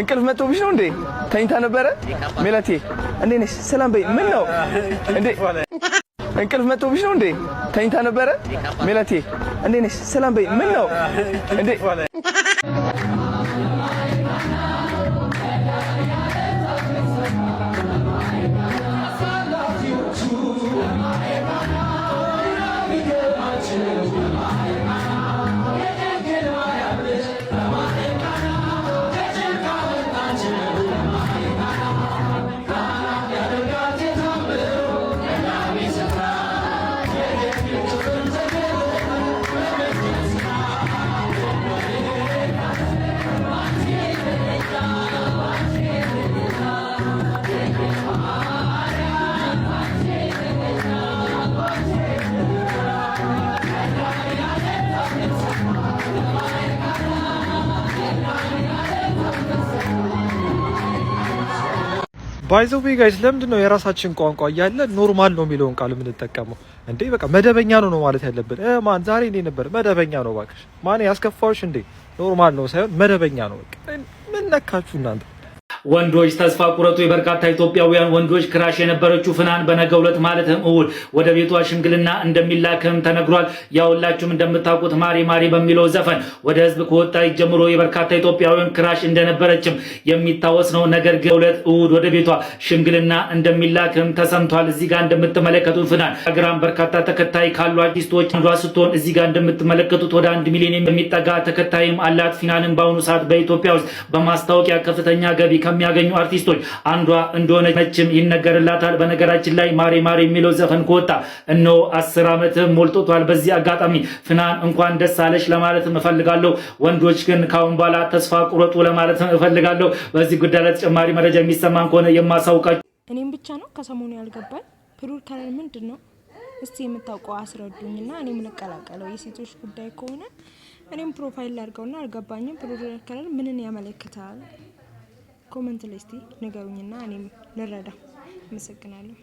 እንቅልፍ መጥቶብሽ ነው እንዴ? ተኝታ ነበረ ሜላቴ? እንዴ ነሽ? ሰላም በይ። ምን ነው እንዴ? እንቅልፍ መጥቶብሽ ነው እንዴ? ተኝታ ነበረ ሜላቴ? እንዴ ነሽ? ሰላም በይ። ምን ነው እንዴ? ባይዘዌ ጋይስ ለምንድን ነው የራሳችን ቋንቋ እያለ ኖርማል ነው የሚለውን ቃል የምንጠቀመው? እንዴ በቃ መደበኛ ነው ነው ማለት ያለብን። ማን ዛሬ እንዴ ነበር መደበኛ ነው ባክሽ፣ ማን ያስከፋዎች እንዴ? ኖርማል ነው ሳይሆን መደበኛ ነው። በቃ ምን ነካችሁ እናንተ? ወንዶች ተስፋ ቁረጡ። የበርካታ ኢትዮጵያውያን ወንዶች ክራሽ የነበረችው ፍናን በነገው ዕለት ማለትም እሑድ ወደ ቤቷ ሽምግልና እንደሚላክም ተነግሯል። ያውላችሁም እንደምታውቁት ማሪ ማሪ በሚለው ዘፈን ወደ ህዝብ ከወጣ ጀምሮ የበርካታ ኢትዮጵያውያን ክራሽ እንደነበረችም የሚታወስ ነው። ነገር ግን ዕለት እሑድ ወደ ቤቷ ሽምግልና እንደሚላክም ተሰምቷል። እዚህ ጋር እንደምትመለከቱት ፍናን ግራም በርካታ ተከታይ ካሉ አርቲስቶች አንዷ ስትሆን እዚህ ጋር እንደምትመለከቱት ወደ አንድ ሚሊዮን የሚጠጋ ተከታይም አላት። ፊናንም በአሁኑ ሰዓት በኢትዮጵያ ውስጥ በማስታወቂያ ከፍተኛ ገቢ ከሚያገኙ አርቲስቶች አንዷ እንደሆነችም ይነገርላታል። በነገራችን ላይ ማሬ ማሬ የሚለው ዘፈን ከወጣ እነሆ አስር ዓመትም ሞልቶቷል። በዚህ አጋጣሚ ፍናን እንኳን ደስ አለሽ ለማለትም እፈልጋለሁ። ወንዶች ግን ካሁን በኋላ ተስፋ ቁረጡ ለማለትም እፈልጋለሁ። በዚህ ጉዳይ ላይ ተጨማሪ መረጃ የሚሰማን ከሆነ የማሳውቃችሁ እኔም ብቻ ነው። ከሰሞኑ ያልገባኝ ፕሩር ከለር ምንድን ነው? እስቲ የምታውቀው አስረዱኝና እኔም ልቀላቀለው። የሴቶች ጉዳይ ከሆነ እኔም ፕሮፋይል ላድርገውና አልገባኝም። ፕሩር ካለል ምንን ያመለክታል? ኮመንት ላይ እስቲ ንገሩኝና እኔም ልረዳ። አመሰግናለሁ።